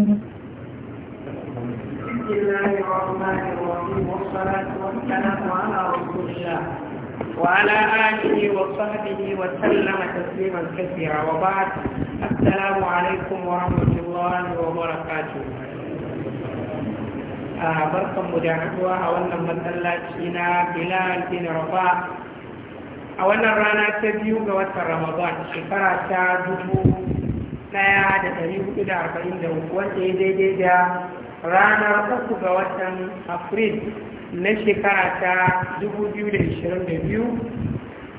بسم الله الرحمن الرحيم والصلاة والسلام على رسول الله وعلى آله وصحبه وسلم تسليما كثيرا وبعد السلام عليكم ورحمة الله وبركاته barkan mu da haɗuwa a wannan matsalaci na bilal bin rafa a wannan rana ta biyu ga watan ramadan shekara ta dubu ɗaya da ɗari hudu da arba'in da uku wanda ya daidai da ranar uku ga watan afril na shekara ta dubu biyu da ashirin da biyu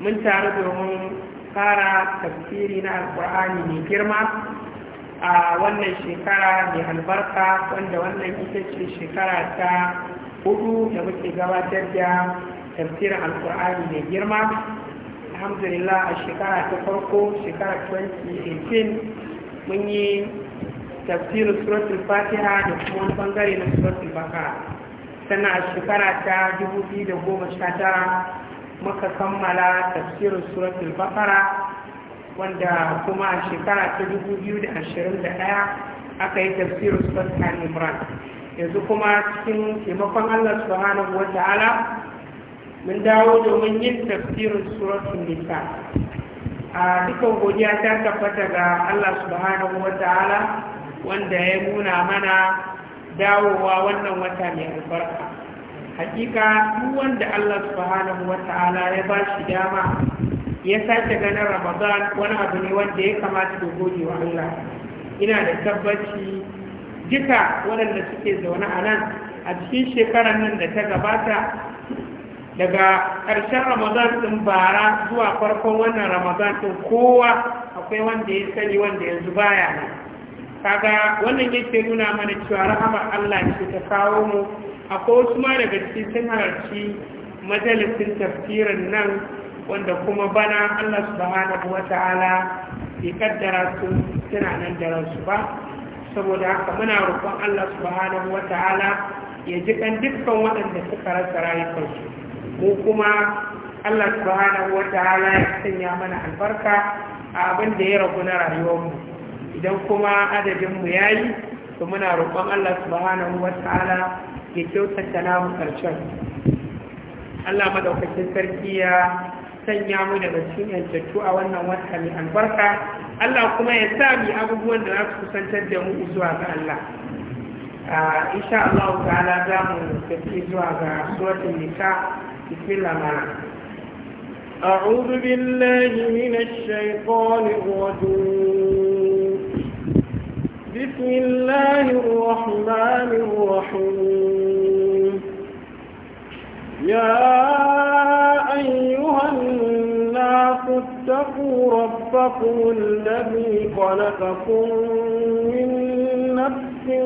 mun taru domin fara tafsiri na alkur'ani mai girma a wannan shekara mai albarka wanda wannan ita ce shekara ta hudu da muke gabatar da tafsirin alkur'ani mai girma alhamdulillah a shekara ta farko shekara 2018 mun yi tafsirin suratul fatiha da kuma wani bangare na suratul bakara tana shekara ta 2019 muka kammala tafsirin suratul bakara wanda kuma a shekara ta 2021 aka yi tafsirin suratul imran yanzu kuma cikin taimakon allah subhanahu wa ta'ala mun dawo domin yin tafsirin suratul nisa a dukan godiya ta tabbata ga Allah subhanahu wa ta'ala wanda ya nuna mana dawowa wannan wata mai albarka hakika duk wanda Allah subhanahu wa ta'ala ya ba shi dama ya sake ganin ramadan wani abu ne wanda ya kamata da gogewa Allah ina da tabbaci duka waɗanda suke zaune a nan a cikin shekarar nan da ta gabata daga ƙarshen ramadan ɗin bara zuwa farkon wannan ramadan ɗin kowa akwai wanda ya sani wanda yanzu baya nan kaga wannan yake nuna mana cewa rahama Allah ce ta kawo mu akwai wasu ma daga cikin sun halarci majalisin tafsirin nan wanda kuma bana Allah subhanahu wata'ala ya kaddara su suna nan da rasu ba saboda haka muna roƙon Allah subhanahu wata'ala ya ji kan dukkan waɗanda suka rasa rayukansu mu kuma Allah subhanahu wa ta'ala ya sanya mana albarka a abin da ya ragu na rayuwarmu idan kuma adadinmu ya yi to muna roƙon Allah subhanahu wa ta'ala ya kyautata namu ƙarshen. Allah madaukakin sarki ya sanya mu daga cikin yantattu a wannan wata mai albarka Allah kuma ya sa mu abubuwan da za su kusantar da mu zuwa ga Allah ah, insha Allah ta'ala za mu tafi zuwa ga suratul nisa بسم الله معنا أعوذ بالله من الشيطان الرجيم بسم الله الرحمن الرحيم يا أيها الناس اتقوا ربكم الذي خلقكم من نفس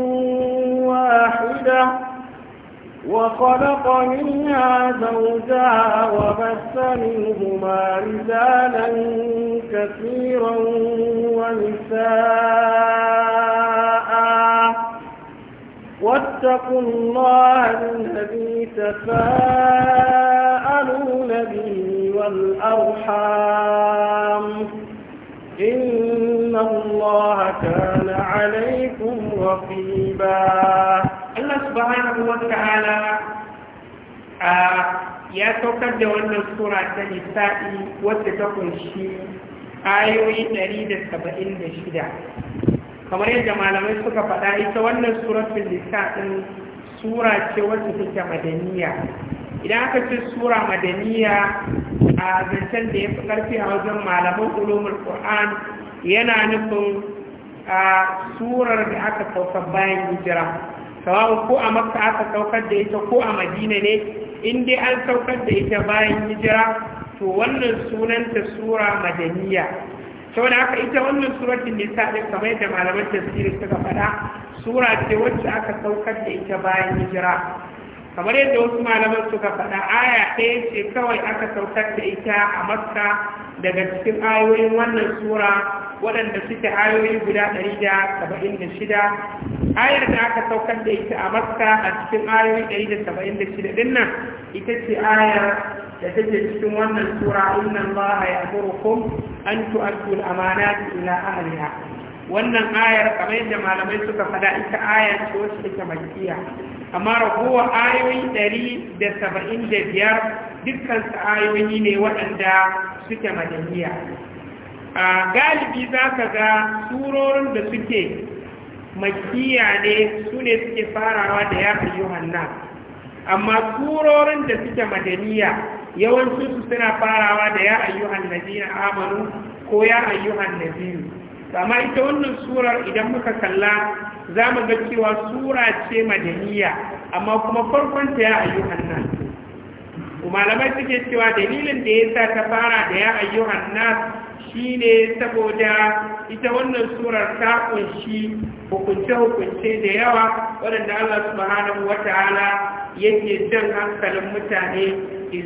واحدة وخلق منها زوجها وبث منهما رجالا كثيرا ونساء واتقوا الله الذي تساءلون به والأرحام إن الله كان عليكم رقيباً subhanahu wa ta'ala ya saukar da wannan sura ta nisa'i wacce ta kunshi ayoyi 176 kamar yadda malamai suka faɗa ita wannan suratul nisa'in sura ce wacce take madaniya idan aka ce sura madaniya a zancen da ya fi ƙarfi a wajen malaman ulumul qur'an yana nufin a surar da aka sauka bayan hijira sawa'un ko a makka aka saukar da ita ko a madina ne in dai an saukar da ita bayan hijira to wannan sunanta sura madaniya saboda haka ita wannan suratun nisa ɗin kamar yadda malaman tafsiri suka faɗa sura ce wacce aka saukar da ita bayan hijira kamar yadda wasu malaman suka faɗa aya ɗaya ce kawai aka saukar da ita a makka daga cikin ayoyin wannan sura waɗanda suke ayoyi guda ɗari da saba'in da shida ayar da aka saukar da ita a maska a cikin ayoyi ɗari da saba'in da shida ɗin nan ita ce ayar da take cikin wannan sura ba a allaha ko an tu'addu al-amanati ila ahliha wannan ayar kamar yadda malamai suka faɗa ita ayar ce wasu take makiya amma ragowa ayoyi ɗari da saba'in da biyar dukkan ayoyi ne waɗanda suke madaniya a galibi za ka ga surorin da suke makiya ne su ne suke farawa da ya ayyuhan amma surorin da suke madaniya yawanci su suna farawa da ya ayyuhan na amanu ko ya ayyuhan amma ita wannan surar idan muka kalla za mu ga cewa sura ce madaniya amma kuma farkonta ya ayyuhan malamai suke cewa dalilin da ya sa ta fara da ya ayyuhan nas ne saboda ita wannan surar ta kunshi hukunce-hukunce da yawa waɗanda Allah wata wata'ala yake jan hankalin mutane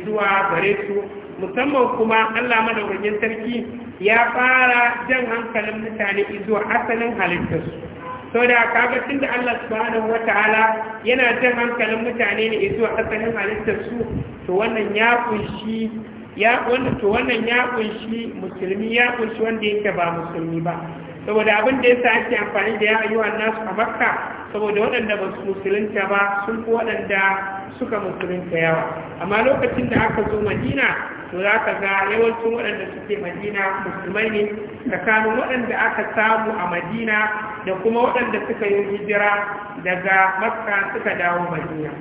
zuwa gare su musamman kuma Allah madaukakin sarki ya fara jan hankalin mutane zuwa asalin halittarsu sau da kaga tun da Allah subhanahu ala yana jan hankalin mutane ne zuwa asalin halittarsu to wannan ya kunshi ya wanda to wannan ya kunshi musulmi ya kunshi wanda yake ba musulmi ba saboda abin da yasa ake amfani da yayi wa nasu a makka saboda waɗanda ba su musulunta ba sun fi waɗanda suka musulunta yawa amma lokacin da aka zo madina to za ka ga yawancin waɗanda suke madina musulmai ne tsakanin waɗanda aka samu a madina da kuma waɗanda suka yi hijira daga makka suka dawo madina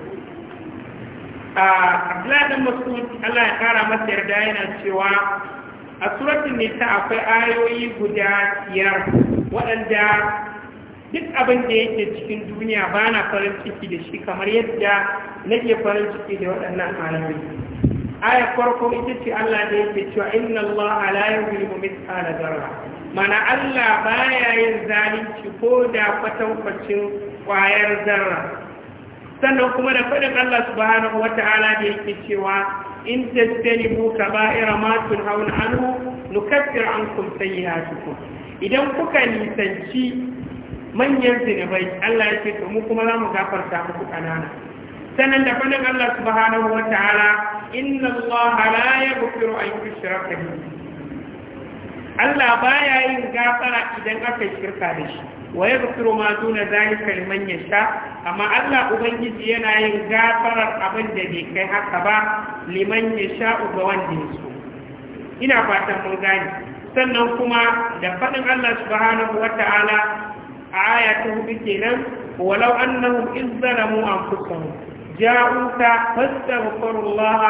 A Abdullahi Mas'ud Allah ya kara masa yarda yana cewa a ne ta akwai ayoyi guda biyar waɗanda duk abin da yake cikin duniya ba na farin ciki da shi kamar yadda nake farin ciki da waɗannan ayoyi aya farko ita ce Allah da yake cewa inna Allah la mu mithqala dharra mana Allah baya yin zalunci ko da kwatankwacin kwayar zarra sannan kuma da faɗin Allah subhanahu wata'ala da yake cewa in tajtanibu kaba'ira ma tunhauna anhu nukaffir ankum sayyi'atukum idan kuka nisanci manyan zinubai Allah ya ce to mu kuma za mu gafarta muku kanana sannan da faɗin Allah subhanahu wata'ala inna Allah la yaghfiru an yushraka bihi Allah baya yin gafara idan aka shirka da shi wa ya zafiru ma duna zalika liman yasha amma Allah ubangiji yana yin gafarar abin da bai kai haka ba liman yasha ga wanda ya so ina fatan mun gane sannan kuma da faɗin Allah subhanahu wata'ala a aya ta hudu kenan walau annahum izzalamu anfusahum جاءوك فاستغفروا الله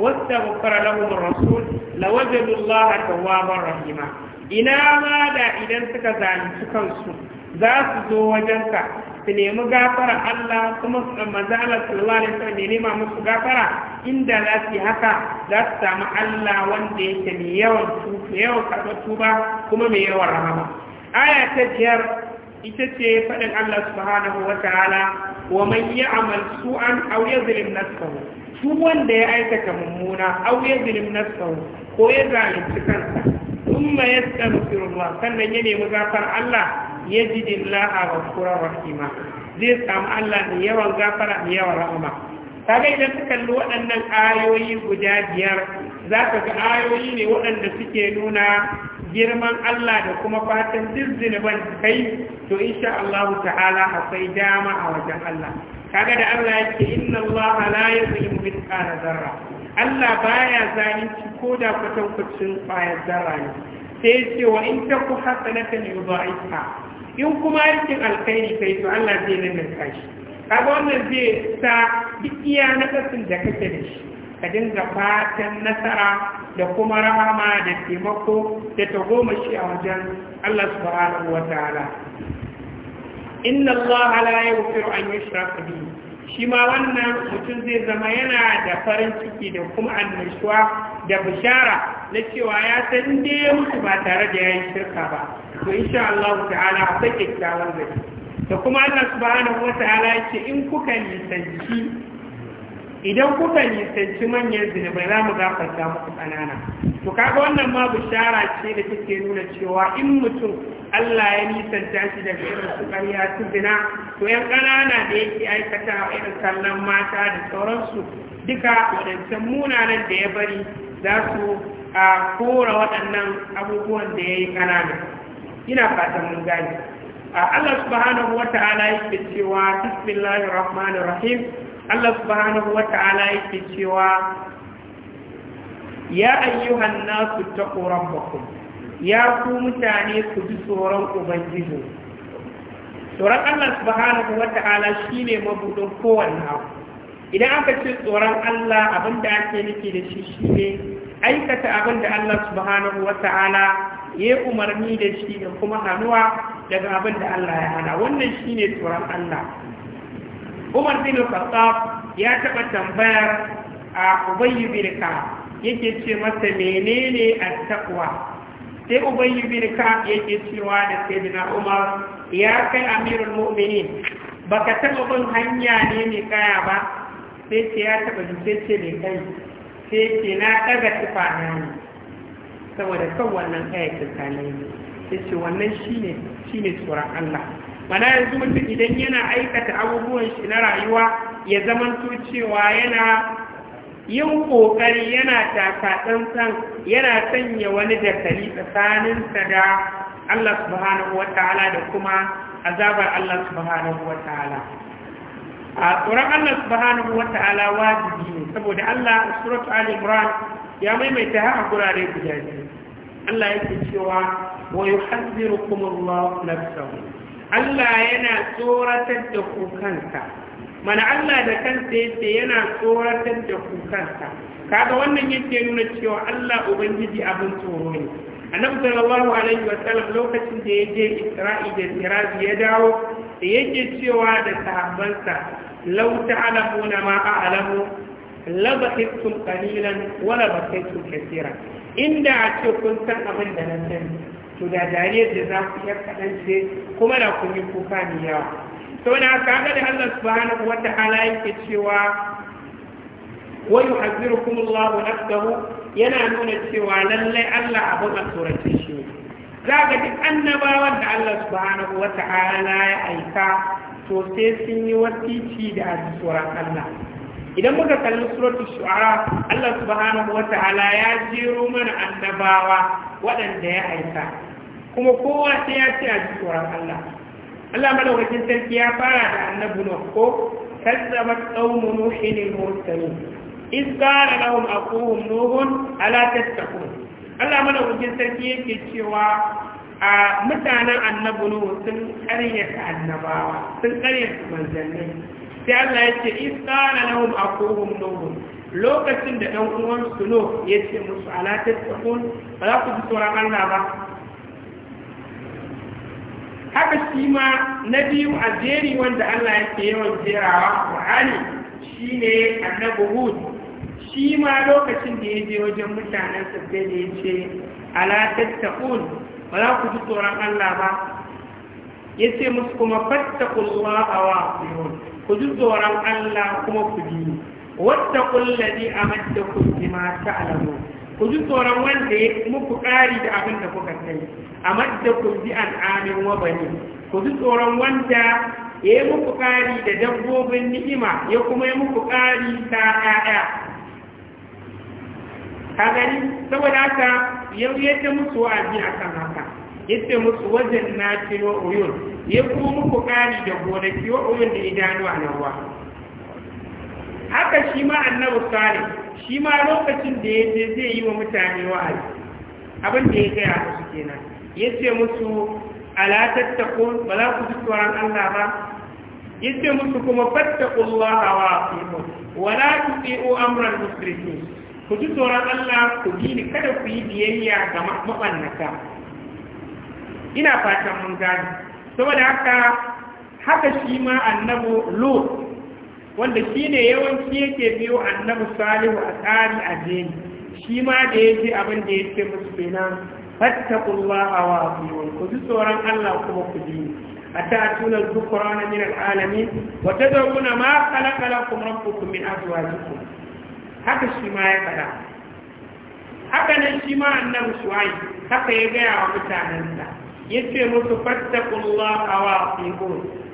واستغفر لهم rasul لوجدوا الله توابا rahima ina ma da idan suka zalunci kansu za su zo wajenka su nemi gafara Allah kuma su ɗan Allah sallallahu alaihi wasallam nema musu gafara inda za su yi haka za su samu Allah wanda yake mai yawan tuba yawan kuma mai yawan rahama aya ta biyar ita ce faɗin Allah subhanahu wa ta'ala wa man ya'mal su'an aw yadhlim nafsahu su wanda ya aikata mummuna aw yadhlim nafsahu ko ya zalunci kansa thumma ruwa sannan ya nemi gafar Allah yajidillaha ghafurur rahima zai samu Allah mai yawan gafara mai yawan rahama kaga idan ka kalli waɗannan ayoyi guda biyar za ka ga ayoyi ne waɗanda suke nuna girman Allah da kuma fatan duk zinuban kai to insha Allah ta'ala akwai dama a wajen Allah kaga da Allah yake inna Allah la yuzlimu mithqala zarra Allah baya zalunci ko da kwatankwacin kwayar zara ne sai ce wa in taku hasanatan yudha'ifha in kuma aikin alkhairi kai to Allah zai nannan kashi kaga wannan zai sa duk iya nakasin da kake da shi ka dinga fatan nasara da kuma rahama da taimako da tagomashi a wajen Allah subhanahu wa ta'ala inna Allah la yaghfiru an yushraka bihi shi ma wannan mutum zai zama yana da farin ciki da kuma annashuwa da bishara na cewa ya san da mutu ba tare da yayin shirka ba to insha Allah ta'ala a sake zaki da kuma Allah subhanahu ta'ala ya ce in kuka nisanci idan kuka nisanci manyan zinubai za mu gafarta muku ƙanana to kaga wannan ma bishara ce da take nuna cewa in mutum Allah ya nisanta shi da irin su ƙarya su zina to yan ƙanana da yake aikata irin kallon mata da sauransu duka waɗancan munanan da ya bari za su a kora waɗannan abubuwan da ya yi ƙanana ina fatan mun gani Allah subhanahu wa ta'ala yake cewa bismillahir rahmanir rahim Allah subhanahu wa ta'ala yake cewa ya ayyuhan nasu taqu rabbakum ya ku mutane ku ji tsoron ubangiji tsoron Allah subhanahu wa ta'ala shine mabudin kowanne abu idan aka ce tsoron Allah abinda ake nufi da shi shi ne aikata abinda Allah subhanahu wa ta'ala ya umarni da shi da kuma hannuwa daga abinda Allah ya hana wannan shi ne tsoron Allah Umar bin Khattab ya taba tambayar a Ubayy bin yake ce masa menene at-taqwa sai ubayyu bin ka'ab yake cewa da sayyidina Umar ya kai amirul mu'minin baka taɓa bin hanya ne mai kaya ba sai ce ya taba ji sai ce mai kai sai ce na ɗaga tufa na ne saboda kan wannan ayatul kalai ne sai ce wannan shine shine tsoron Allah mana yanzu mutum idan yana aikata abubuwan shi na rayuwa ya zamanto cewa yana yin kokari yana taka san yana sanya wani dakali tsakaninsa da Allah subhanahu wataala da kuma azabar Allah subhanahu wataala a tsoron Allah subhanahu wa ta'ala wajibi ne saboda Allah suratu Ali Imran ya maimaita haka gurare guda biyu Allah yake cewa wa yuhadhdhirukum Allah nafsahu Allah yana tsoratar da ku mana Allah da kansa yace yana tsoratar da ku kanka kaga wannan yake nuna cewa Allah ubangiji abin tsoro ne annabi sallallahu alaihi wa sallam lokacin da ya je Isra'i da Miraji ya dawo da yake cewa da sahabbansa lau na ma a'lamu la bakhitum qalilan wa la bakhitum kaseera inda a ce kun san abin da na sani to da dariyar da za su yar kaɗan ce kuma da kun yi kuka mai yawa Sau saboda haka haka da Allah subhanahu wa ta'ala yake cewa wa yuhazzirukum Allah nafsahu yana nuna cewa lallai Allah abin a tsorace shi ne za ga duk annabawan da Allah subhanahu wa ta'ala ya aika to sai sun yi wasici da azzuran Allah idan muka kalli suratu shu'ara Allah subhanahu wa ta'ala ya jero mana annabawa waɗanda ya aika kuma kowa sai ya ce azzuran Allah Allah madaukakin sarki ya fara da annabi Nuh ko kazzabat qaumu nuhin al-mursalin إذ قال لهم أخوهم نوح ألا تتقون Allah wajen sarki yake cewa a mutanen annabulu sun karyata annabawa sun karyata manzanni sai Allah ya ce na lahum aquhum nuhum lokacin da dan uwan su no ya ce musu ala tattaqun ba za ku ji tsoron Allah ba haka shi ma na biyu a jeri wanda Allah yake yawan jerawa Qur'ani shine annabuhud shi ma lokacin da ya je wajen mutanen sabbe ne ya ce ala tattaqun ba za ku ji tsoron Allah ba ya ce musu kuma a wa aqilun ku ji tsoron Allah kuma ku ji wattaqul ladhi ma ta alamu, ku ji tsoron wanda ya muku ƙari da abin da kuka a sani amaddakum bi an'amin wa ne, ku ji tsoron wanda ya yi muku ƙari da dabbobin ni'ima ya kuma yi muku ƙari ta ƴaƴa. ka gani saboda haka yau ya ce musu wa'azi akan haka ya ce musu wajen na ce wa uyun ya kuma muku kari da gonaki wa uyun da idanu a nan haka shi ma Annabu sale shi ma lokacin da ya je zai yi wa mutane wa'azi abin da ya gaya musu kenan ya ce musu ala tattakun ba za ku ji tsoron Allah ba ya ce musu kuma fattakullaha wa aqimu wa la tuti'u amran musrifin ku ji tsoron Allah ku bi ni kada ku yi biyayya ga mabannata ina fatan mun gani saboda haka haka shi ma annabu lut wanda shi ne yawanci yake biyo annabu salihu a tsari a jini shi ma da ya ce abin da ya ce musu kenan fattakullaha a asiyun ku ji tsoron Allah kuma ku ji أتأتون الذكران من العالمين kala ما kuma لكم ربكم azuwa أزواجكم haka shi ma ya fada haka nan shi ma annabi shuwai haka ya gaya wa mutanensa ya ce musu fattakullah a wa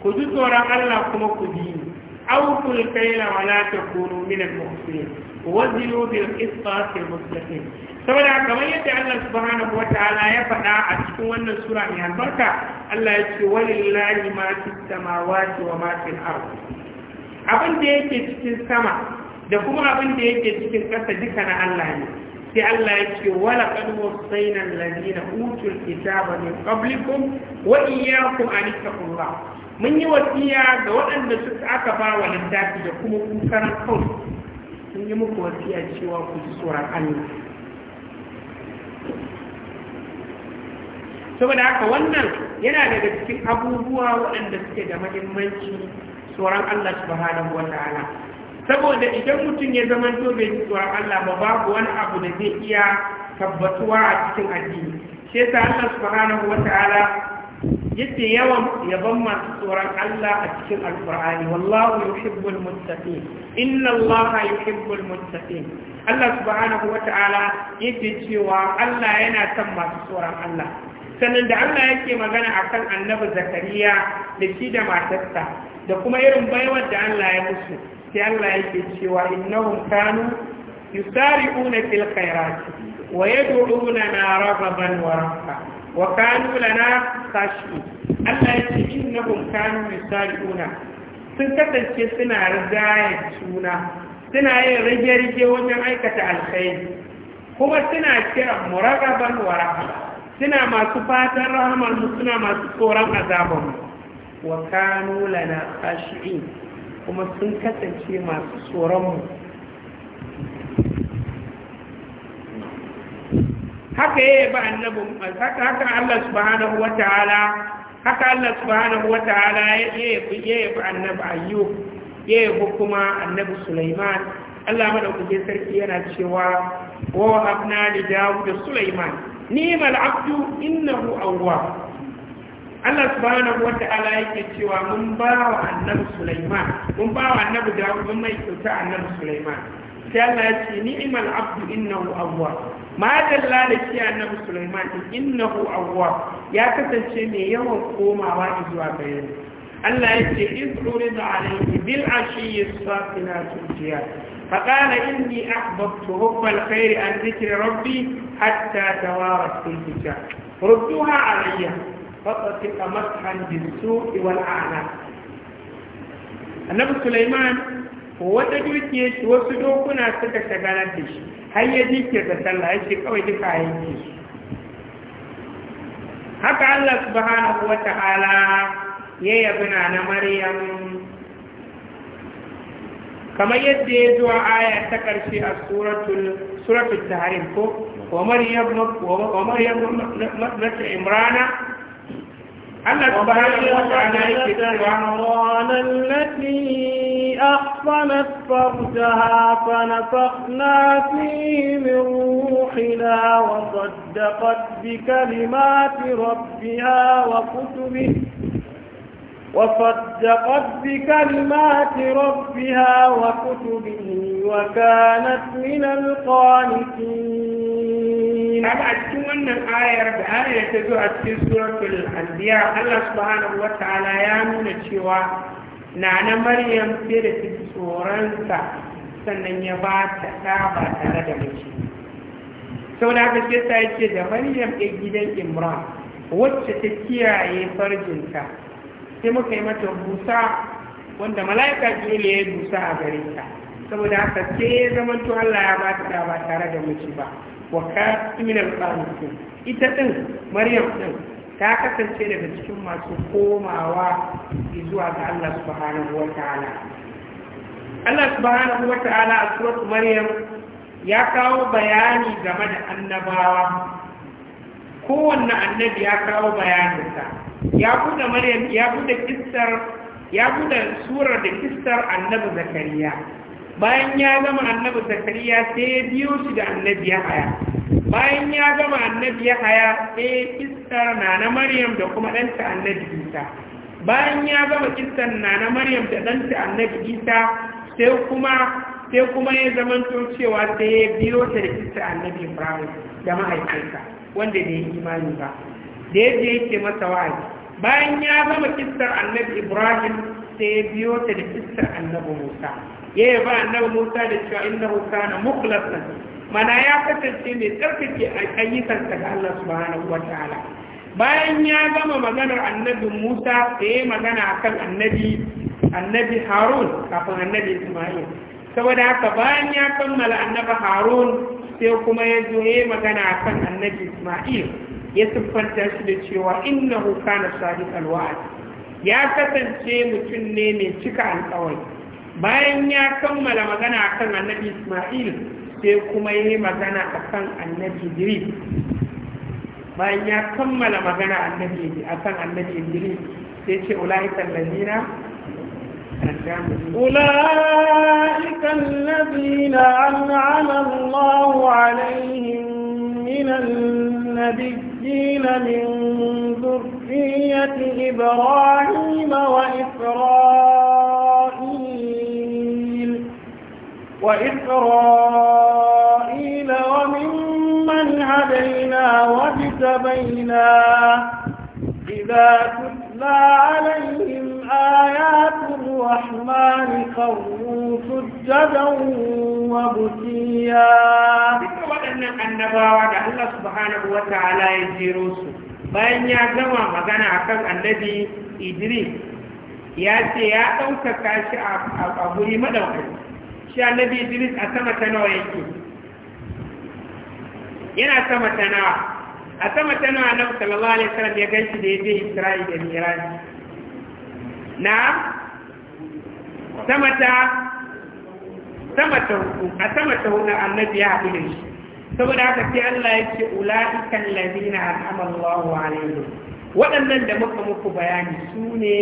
ku ji tsoron allah kuma ku bi ni awful kaila wa la takunu min al-muhsin wazilu bil qisṭati al-mustaqim saboda kamar yadda Allah subhanahu wa ta'ala ya faɗa a cikin wannan sura mai albarka Allah ya ce walillahi ma fis samawati wa ma fil ard abin da yake cikin sama da kuma abin da yake cikin ƙasa duka na Allah ne sai Allah ya ce wala qad wasayna alladhina utul kitaba min qablikum wa iyyakum an taqullah mun yi wasiya ga waɗanda suka aka ba wa littafi da kuma kun karan kawai yi muku wasiya cewa ku ji tsoron Allah saboda haka wannan yana daga cikin abubuwa waɗanda suke da mahimmanci tsoron Allah subhanahu wa ta'ala saboda idan mutum ya zama to bai tsoron Allah ba babu wani abu da zai iya tabbatuwa a cikin addini shi yasa Allah subhanahu wataala yace yawan yabon masu tsoron Allah a cikin alqur'ani wallahu yuhibbul muttaqin inna Allaha yuhibbul muttaqin Allah subhanahu wataala yace cewa Allah yana son masu tsoron Allah sannan da Allah yake magana akan annabi Zakariya da shi da matarsa da kuma irin baiwar da Allah ya musu sai Allah yake cewa innahum kanu yusari'una fil khairati wa yad'una raghaban wa rahaqa wa kanu lana khashi Allah yake innahum kanu yusari'una sun kasance suna rigaya suna suna yin rige-rige wajen aikata alkhairi kuma suna kira muragaban wa rahama suna masu fatan rahamar mu suna masu tsoron azabar mu wa kanu lana khashi'in kuma sun kasance masu tsoronmu haka yi ba annabin haka Allah subhanahu wa ta'ala haka Allah subhanahu wa ta'ala yaya bi annabi ya yaya bi kuma annabi sulaiman Allah kuke sarki yana cewa wa da li dawud sulaiman ni'mal abdu innahu awwab Allah subhanahu wata'ala yake cewa mun ba wa annabi Sulaiman mun ba wa annabi Dawud mun mai kyauta annabi Sulaiman sai Allah ya ce ni'mal abdu innahu awwab ma dalla da shi annabi Sulaiman innahu awwab ya kasance mai yawan komawa zuwa gare ni Allah ya ce iz urida alayhi bil ashiyyi safinatu jiyad فقال إني أحببت حب الخير عن ذكر ربي حتى توارت في الحجاب ردوها علي فطفق مسحا بالسوء والأعناق annabi Sulaiman wata dukiya shi wasu dokuna suka shagalar da shi har ya jinkirta sallah ya ce kawai duka a yanke shi haka Allah subhanahu wa ta'ala ya yabi na Maryam kamar yadda ya zuwa aya ta ƙarshe a suratul suratul tahrim ko wa Maryam wa Maryam na Imrana الله عمران التي أحصنت فرجها فنفخنا فيه من روحنا وصدقت بكلمات ربها وكتبه وصدقت بكلمات ربها وكتبه وكانت من القانتين kaga a cikin wannan ayar da ayar ta zo a cikin suratul anbiya Allah subhanahu wataala ya nuna cewa nana Maryam sai da ta sa, sannan ya ba ta ɗa ba tare da mace sau da aka ce ta yake da Maryam ya gidan Imran wacce ta kiyaye farjinta sai muka yi mata busa wanda mala'ika ne ya yi busa a gare ta saboda haka sai ya zama Allah ya ba ta ɗa ba tare da mace ba wa kasimin alƙanitin ita ɗin maryam ɗin ta kasance daga cikin masu komawa zuwa ga Allah subhanahu wa ta'ala Allah subhanahu wa ta'ala a suratul maryam ya kawo bayani game da annabawa kowanne annabi ya kawo bayaninsa ya buɗe maryam ya buɗe kissar ya buɗe surar da kistar annabi zakariya bayan ya gama annabi zakariya sai ya biyo shi da annabi ya haya. bayan ya gama annabi ya haya, sai kistar na na maryam da kuma ɗanta annabi isa bayan ya gama kistar na na maryam da ɗanta annabi isa sai kuma sai kuma ya zama cewa sai ya biyo ta da kistar annabi ibrahim da mahaifinsa wanda bai yi imani ba da yadda yake masa wa'azi bayan ya gama kistar annabi ibrahim sai ya biyo ta da kistar annabi musa ya ba annabi Musa da cewa innahu kana mukhlasan mana ya kasance mai tsarkake ayyukansa ga Allah subhanahu wataala bayan ya gama maganar annabi Musa da ya magana akan annabi annabi Harun kafin annabi Isma'il saboda haka bayan ya kammala annabi Harun sai kuma ya zo ya magana akan annabi Isma'il ya siffanta shi da cewa innahu kana sadiqal wa'd ya kasance mutum ne mai cika alƙawari bayan ya kammala magana a kan annabi Ismail sai kuma ya yi magana a kan annabi Idris bayan ya kammala magana a Kan annabi Idris sai ce ula'ikan lalina أولئك الذين أنعم الله عليهم من النبيين من ذرية إبراهيم وإسرائيل وإسرائيل وممن هدينا واجتبينا إذا تتلى عليهم آيات الرحمن قروا سجدا وبكيا annabawa da Allah subhanahu ta'ala ya jero su bayan ya gama magana a kan annabi Idris ya ce ya ɗaukaka shi a guri maɗaukaki shi annabi idris a sama ta nawa yake yana sama ta nawa a sama ta nawa annabi sallallahu alaihi wasallam ya gaishe da yaje isra'i da mi'raj na sama ta sama ta hudu a sama ta hudu annabi ya haɗu da shi saboda haka sai Allah ya ce ula'ikan ladina an'ama Allahu alaihim waɗannan da muka muku bayani su ne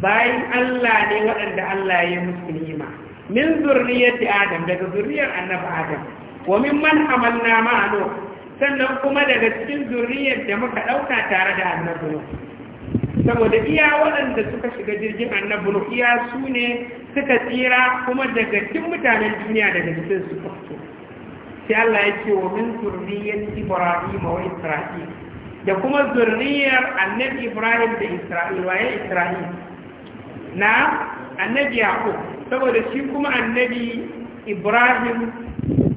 bayan Allah ne waɗanda Allah ya musu ni'ima min zurriyyati adam daga zurriyar annabi adam wa min man hamalna ma'alu sannan kuma daga cikin zurriyar da muka dauka tare da annabi saboda iya waɗanda suka shiga jirgin annabi iya su ne suka tsira kuma daga cikin mutanen duniya daga cikin su fito sai Allah ya ce wa min zurriyyati Ibrahim wa Isra'il da kuma zurriyar annabi Ibrahim da Isra'il wa Isra'il na annabi yaqub saboda shi kuma annabi ibrahim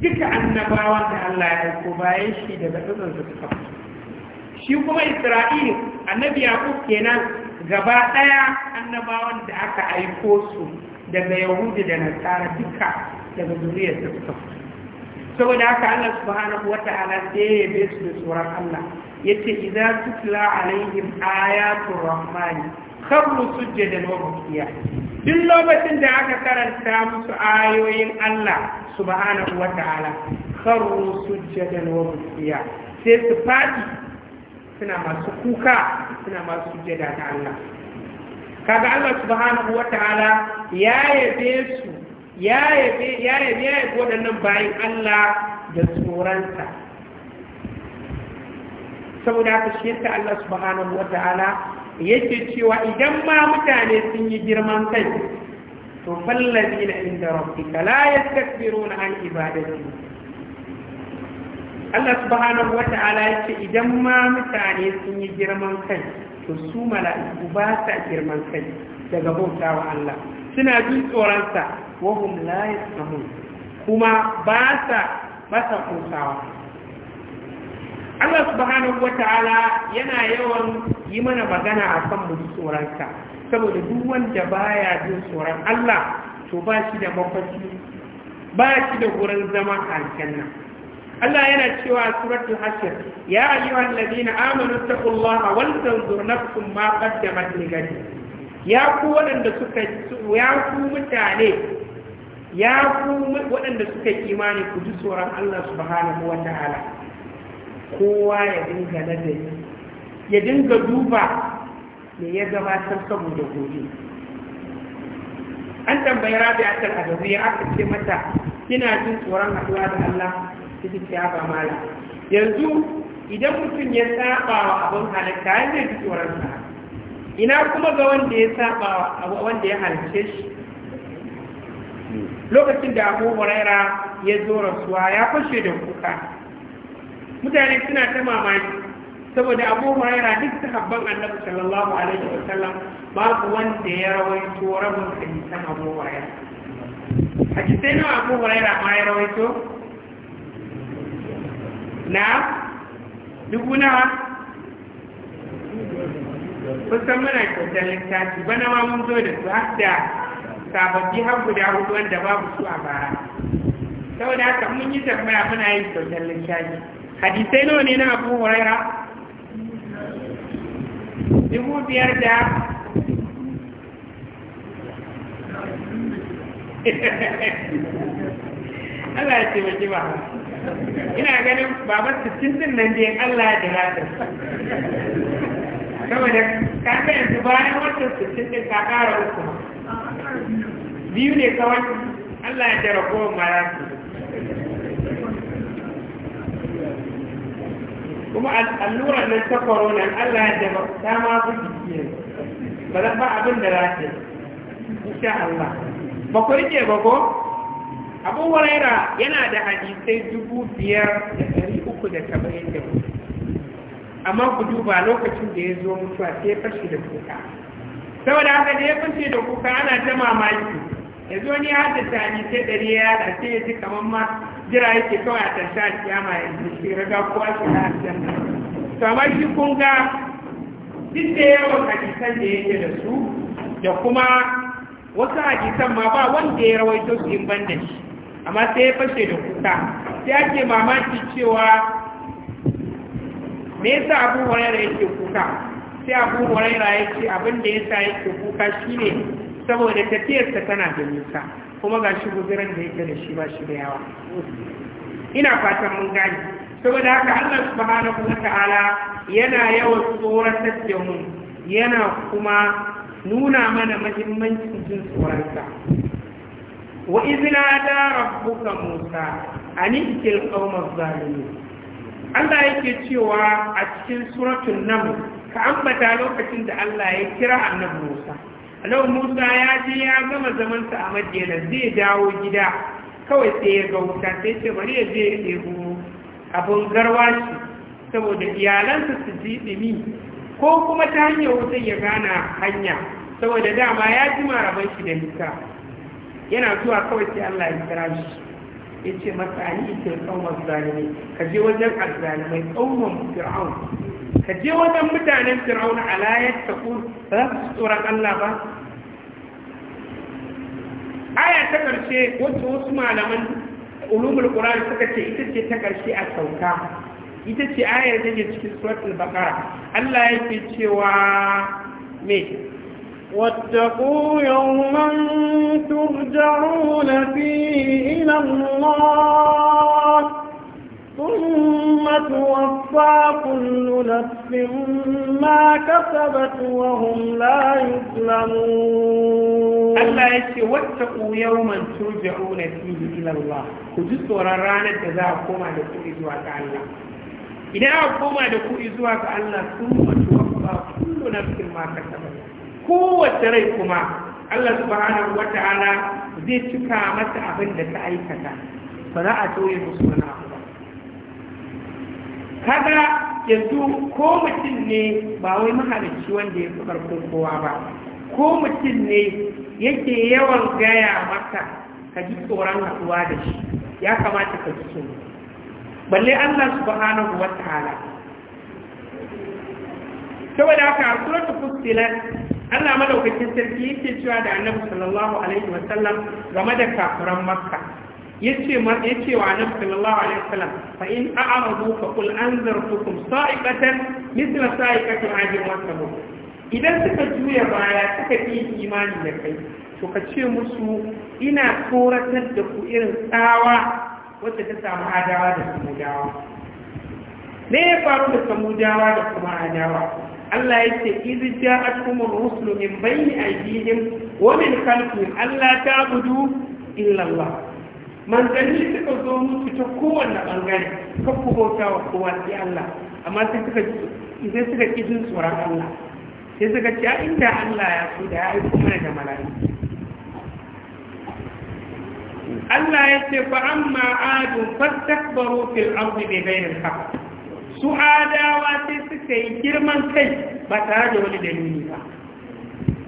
duka annabawan da Allah ya ko bayan shi daga tsatsansa su fito shi kuma isra'il annabi yaqub kenan gaba ɗaya annabawan da aka aiko su daga yahudi da nasara duka daga zuriyar su suka saboda haka Allah subhanahu wata'ala sai ya yabe su da tsoron Allah yace idza tutla alaihim ayatu rahmani karru sujjadan wa bukiya duk lokacin da aka karanta musu ayoyin Allah subhanahu wa ta'ala karru da wa bukiya sai su fadi suna masu kuka suna masu da ga Allah kaga Allah subhanahu wa ta'ala ya yabe su ya yabe ya yabe ya yabe waɗannan bayin Allah da tsoronsa saboda haka shi yasa Allah subhanahu wa ta'ala yake cewa idan ma mutane sun yi girman kai to fallazi na inda rabbika la na an ibadatu Allah subhanahu ya yake idan ma mutane sun yi girman kai to su mala'iku ba sa girman kai daga bautawa Allah suna jin tsoronsa wahum la yasmahu kuma ba sa ba sa kusawa Allah subhanahu wataala yana yawan yi mana magana a kan mu tsoranta saboda duk wanda baya jin tsoron Allah to ba shi da mafaki ba shi da gurin zama a aljanna Allah yana cewa suratul hasyr ya ayyuhal ladina amanu taqullaha wal tanzur nafsum ma qaddamat ligadi ya ku wadanda suka ya ku mutane ya ku wadanda suka imani ku ji tsoron Allah subhanahu wataala kowa ya dinga nazari ya dinga duba me ya gabatar saboda gobe an tambayi rabi a kan ya aka ce mata kina jin tsoron haɗuwa da Allah su cikin ya ba mala yanzu idan mutum ya saba wa abin halitta ya zai ji tsoron sa ina kuma ga wanda ya saba wa wanda ya halice shi lokacin da abu huraira ya zo rasuwa ya fashe da kuka mutane suna ta mamaki saboda abu huraira duk ta habban annabi sallallahu alaihi wasallam babu wanda ya rawaito rabin hadisan abu huraira sai nawa abu huraira ma ya rawaito na dubu nawa kusan muna kyautar littafi bana ma mun zo da su har da sababbi har guda hudu wanda babu su a bara saboda haka mun yi tambaya muna yin kyautar littafi hadisai nawa ne na abu huraira dubu biyar da Allah ya ce maki ba ina ganin babar cikin din nan da Allah ya jira ta da kafin yanzu bayan wata cikin din ka kara uku biyu ne kawai Allah ya jira kowa mara su kuma allurar nan ta corona Allah ya dama ta ma fi jiki ne ba za ba abin da za ta insha Allah ba ku rike ba ko Abu Huraira yana da hadisai dubu biyar da ɗari uku da saba'in da amma ku duba lokacin da ya zo mutuwa sai fashi da kuka saboda haka da ya fashe da kuka ana ta mamaki ya zo ni ya haddasa hadisai ɗari ya yada sai ya ji kamar ma jira yake kawai a tashi a kiyama ya shi raga kowa shi na aljanna to amma shi kun ga duk da yawan hadisan da yake da su da kuma wasu hadisan ma ba wanda ya rawaito su in ban da shi amma sai ya fashe da kuka sai ake mamaki cewa me yasa abu yana yake kuka sai abu huraira yake abinda yasa yake kuka shine saboda tafiyarsa tana da nisa kuma ga shi guzuran da yake da shi ba shi da yawa ina fatan mun gani saboda haka Allah subhanahu wa ta'ala yana yawa tsoratar da mu yana kuma nuna mana mahimmancin jin tsoronsa wa izina da rabbuka musa an ikil qaumaz zalimin Allah yake cewa a cikin suratul naml ka ambata lokacin da Allah ya kira annabi Musa alau musa ya je ya gama zamansa a madina zai dawo gida kawai sai ya ga wuta sai ce bari ya je ya ɗebo abin garwashi saboda iyalansa su ji ɗumi ko kuma ta hanyar wuta ya gana hanya saboda dama ya ji maraban shi da nisa yana zuwa kawai sai allah ya kira shi ya ce masa ani ita kawon zalimai ka je wajen azzalimai kawon fir'aun ka je wajen mutanen fir'auna ala yattaqun za su tsoron Allah ba aya ta ƙarshe wacce wasu malaman ulumul qur'an suka ce ita ce ta ƙarshe a sauka ita ce ayar da ke cikin suratul baqara Allah yake cewa me wattaqu yawman turja'una fi ila Allah ثم توفى كل نفس ما كسبت وهم لا يظلمون الله يشي واتقوا يوما ترجعون فيه إلى الله كجس ورانا تذاكم على كل إزواء الله إذا أقوم على كل إزواء الله ثم توفى كل نفس ما كسبت قوة ريكما الله سبحانه وتعالى زي تكامت أبن لك أيكتا فلا أتوي مسلمنا Kada yanzu ko mutum ne ba wai mahalicci wanda ya fi ƙarfin kowa ba ko mutum ne yake yawan gaya maka ka ji tsoron haɗuwa da shi ya kamata ka ji sun balle Allah subhanahu wa ta'ala saboda haka a suratul fussilat Allah madaukakin sarki yake cewa da Annabi sallallahu alaihi wa game da kafuran Makka yace ma yace wa annabi sallallahu alaihi wasallam fa in a'radu fa qul anzartukum sa'ibatan mithla sa'ikati 'adin wa samud idan suka juya baya suka yi imani da kai to ka ce musu ina tsoratar da ku irin tsawa wacce ta samu adawa da samudawa me ya faru da samudawa da kuma adawa Allah ya ce idh ja'atkum ar-rusulu min bayni aydihim wa min khalfihim alla ta'budu illa Allah manzanni suka zo musu ta kowanne bangare ka kubauta wa kowa sai Allah amma sai suka sai suka ki jin tsoron Allah sai suka ce a inda Allah ya so da ya yi mana da malayi Allah ya ce fa amma adu fastakbaru fil ardi bi ghairi al-haqq su adawa sai suka yi girman kai ba tare da wani dalili ba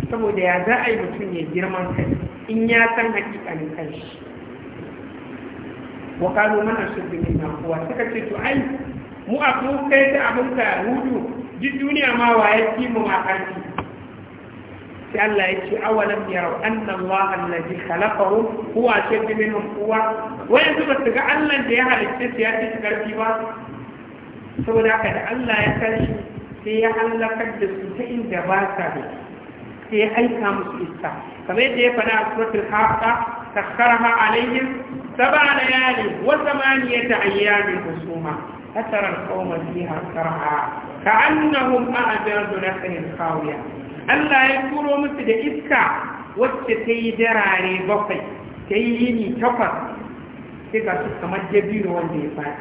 saboda ya za a yi mutum ya girman kai in ya san hakikalin kai. wa kanu man ashaddu minna quwwa suka ce to ai mu a kai ta abin ka hudu duk duniya ma waye ki mu a karfi sai Allah ya ce awalam yarau anna Allah allazi khalaqahu huwa yanzu ba su ga Allah da ya halitta su ya ci ba saboda da Allah ya tashi sai ya halakar da su ta inda ba ta da sai ya aika musu iska kamar yadda ya faɗa a suratul haqa sakharaha alaihim سبع ليال وثمانية أيام خصوما فترى القوم فيها سرعا كأنهم أعجاز نخل خاوية Allah ya turo musu da iska wacce ta yi darare bakwai ta yi yini takwas sai ga su kamar dabino wanda ya faɗi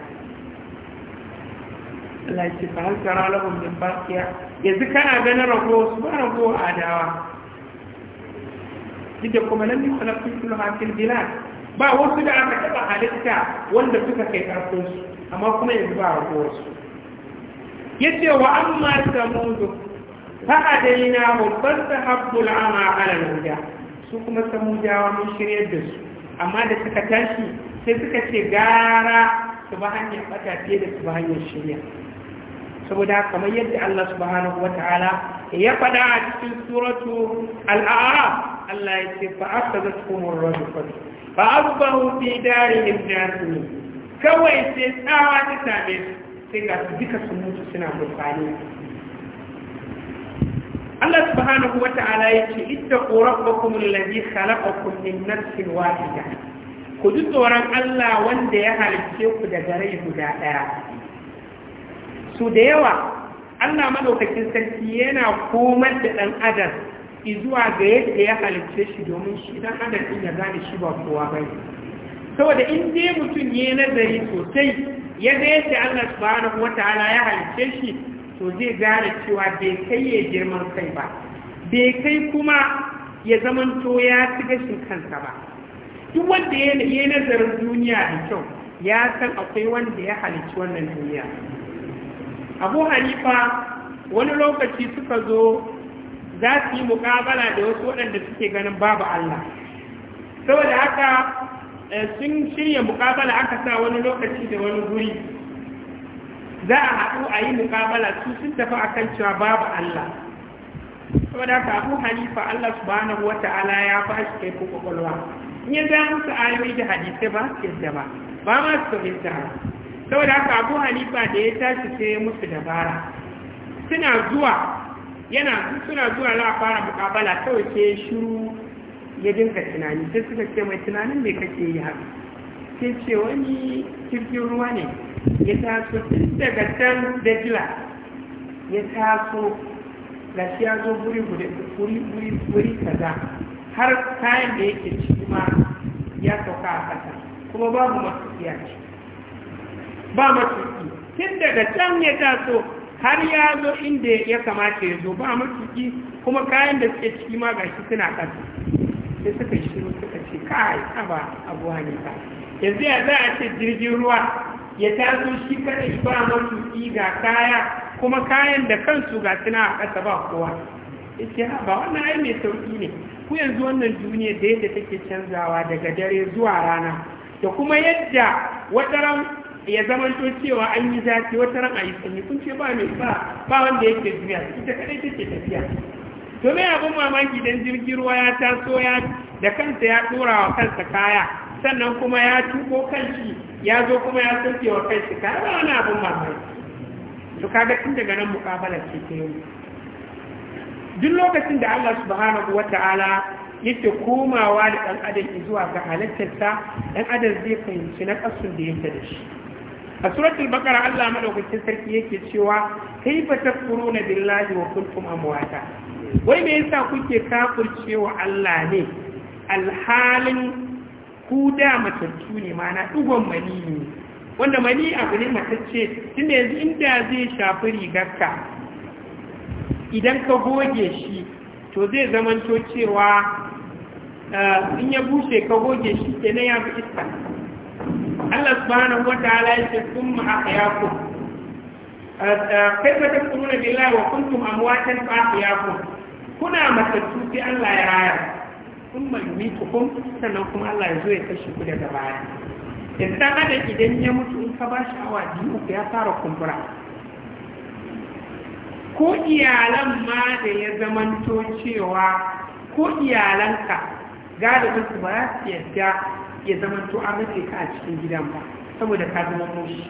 Allah ya ce fa hal tara lahum min baqiya yanzu ganin adawa da kuma lam yukhlaq fi kullu ba wasu da aka taɓa halitta wanda suka kai su, amma kuma yanzu ba raguwarsu ya ce wa an masu samudu fa'adaina babban sahabbul ama alal huda su kuma samudawa mun shirya da su amma da suka tashi sai suka ce gara su ba hanyar bata fiye da su ba hanyar shirya saboda kamar yadda Allah subhanahu ta'ala ya faɗa a cikin suratu al'ara Allah ya ce fa'asta zai kuma ba abubahu fi darihim jasimi kawai sai tsawa ta same su sai ga su duka sun mutu suna gurfani Allah subhanahu wa ta'ala ita ittaqu rabbakum alladhi khalaqakum min nafsin wahida ku ji tsoron Allah wanda ya halicce ku daga rai guda ɗaya su da yawa Allah madaukakin sarki yana komar da ɗan adam izuwa ga yadda ya halitta shi domin shi don adam inda ya gane shi ba kowa ba saboda in je mutum ya yi nazari sosai ya ga yadda Allah wata ala ya halitta shi to zai gane cewa bai kai ya girman kai ba bai kai kuma ya zamanto ya ci gashin kansa ba duk wanda ya yi nazarin duniya da kyau ya san akwai wanda ya halitta wannan duniya abu hanifa wani lokaci suka zo za su yi muƙabala da wasu waɗanda suke ganin babu Allah saboda haka eh, sun shirya muƙabala aka sa wani lokaci da wani guri za a haɗu a yi muƙabala su sun tafi a kan cewa babu Allah saboda haka abu halifa Allah su subhanahu wata ala ya ba shi kai ko kwakwalwa in ya za musu ayoyi da hadisai ba su yadda ba ba ma su fahimta saboda haka abu halifa da ya tashi sai ya musu dabara suna zuwa yana suna zuwa za a fara mukabala kawai sai shiru ya dinka tunani sai suka ce mai tunanin mai kake yi haka ke ce wani jirgin ruwa ne ya taso tun daga can dajila ya taso da shi ya zo guri guri guri kaza har kayan da yake ciki ma ya sauka a kasa kuma babu masu ce. ba masu tun daga can ya taso har ya zo inda ya kamata ya zo ba matuki kuma kayan da suke ciki ma ga shi suna kasu sai suka shiru suka ce kai aba ne ba yanzu ya za a ce jirgin ruwa ya taso shi shi ba matuki ga kaya kuma kayan da kansu ga suna a kasa ba kowa ce ba wannan ai mai sauƙi ne ku yanzu wannan duniya da yadda take canzawa daga dare zuwa rana da kuma yadda wataran ya zamanto cewa an yi zafi wata ran a yi sanyi kun ce ba mai ba ba wanda yake juya ita kadai take tafiya to me abin mamaki dan jirgin ruwa ya taso ya da kansa ya dora wa kansa kaya sannan kuma ya tuko kanshi ya zo kuma ya sanke wa kanshi kaya ba wani abin mamaki to kaga tun daga nan mukabala ce ta yau duk lokacin da Allah subhanahu wata'ala yake komawa da ɗan adam zuwa ga halittarsa ɗan adam zai fahimci na ƙasun da yake da shi a suratul bakara Allah madaukakin sarki yake cewa kaifa takfuruna billahi wa kuntum amwata wai me yasa kuke kafircewa Allah ne alhalin ku da matattu ne mana dugon mani ne wanda mani abu ne matacce da yanzu inda zai shafi rigarka idan ka goge shi to zai zamanto cewa eh, in ya bushe ka goge shi kenan ya fi iska Allah subhanahu wa ta'ala yake thumma ahyakum kaifa da billahi wa kuntum amwatan fa yaku kuna matattu sai Allah ya raya ku kun sannan kuma Allah ya zo ya kashe ku daga baya yanzu dan adam idan ya mutu in ka bashi awa biyu ya fara kumbura ko iyalan ma da ya zamanto cewa ko iyalanka gada su ba su yadda ya zama to an rufe ka a cikin gidan ba saboda ka zama mushi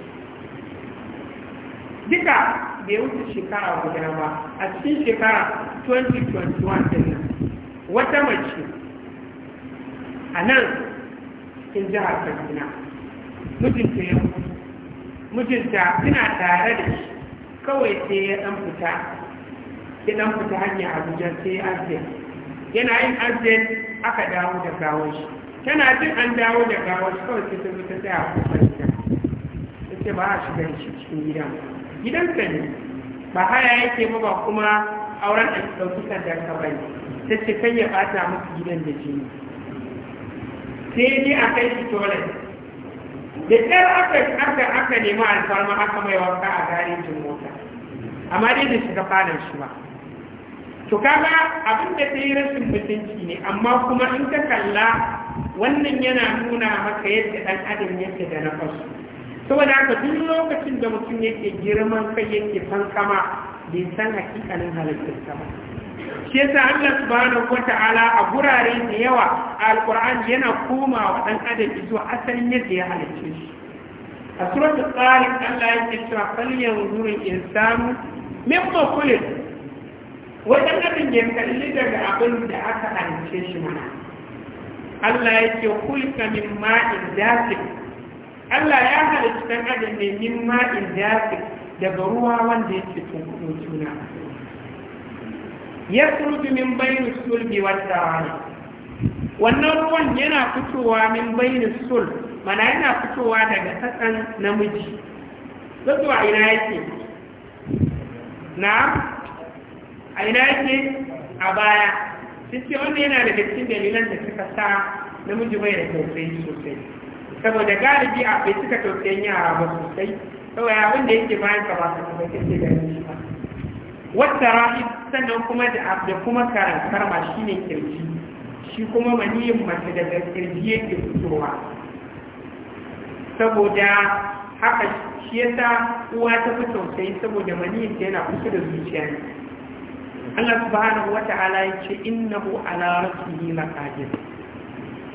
duka bai wuce shekara guda ba a cikin shekara 2021 nan wata mace a nan cikin jihar kaduna mijinta ya mutu mijinta suna tare da shi kawai sai ya dan fita ya dan fita hanyar abuja sai ya yana yin arzikin aka dawo da gawon shi tana jin an dawo da gawar kawai sai ta ta tsaya a kusa gidan ta ce ba a shiga da shi cikin gidan gidan ta ne ba haya yake ba ba kuma auren da ta ɗauki sandar ka ne, ta ce kan ya bata musu gidan da jini sai dai a kai shi toilet da ɗaya aka aka aka nemi alfarma aka mai wanka a jin mota amma dai da shiga falon shi ba to kaga abin da ta yi rashin mutunci ne amma kuma in ka kalla wannan yana nuna maka yadda ɗan adam yake da nafasu saboda haka duk lokacin da mutum yake girman kai yake san kama bai san hakikalin halittar ba shi yasa Allah subhanahu wata'ala a gurare da yawa a alquran yana komawa ɗan adam zuwa asalin yadda ya halicce shi a suratul tsarin, Allah yake cewa fal insanu mimma khuliqa wajen abin ya kalli daga abin da aka halice shi mana Allah ya ce kulka min ma'in dafiq Allah ya halicci dan adam ne min ma'in dafiq daga ruwa wanda yake tunkuɗo juna ya kurubi min bayin sulbi wata rana wannan ruwan yana fitowa min bayin sul mana yana fitowa daga tsakan namiji zuwa ina yake na a ina yake a baya cikin ce yana da cikin dalilan da suka sa namiji bai da tausayi sosai saboda galibi a bai suka tausayin yara ba sosai kawai abin da yake bayan ka ba su kuma kake da shi ba wata rahi sannan kuma da abda kuma karan karma shine kirji shi kuma maniyin mace daga kirji yake fitowa saboda haka shi yasa uwa ta fi tausayi saboda maniyin ta yana kusa da zuciya ne Allah subhanahu wata'ala yace innahu ala rasulihi laqadir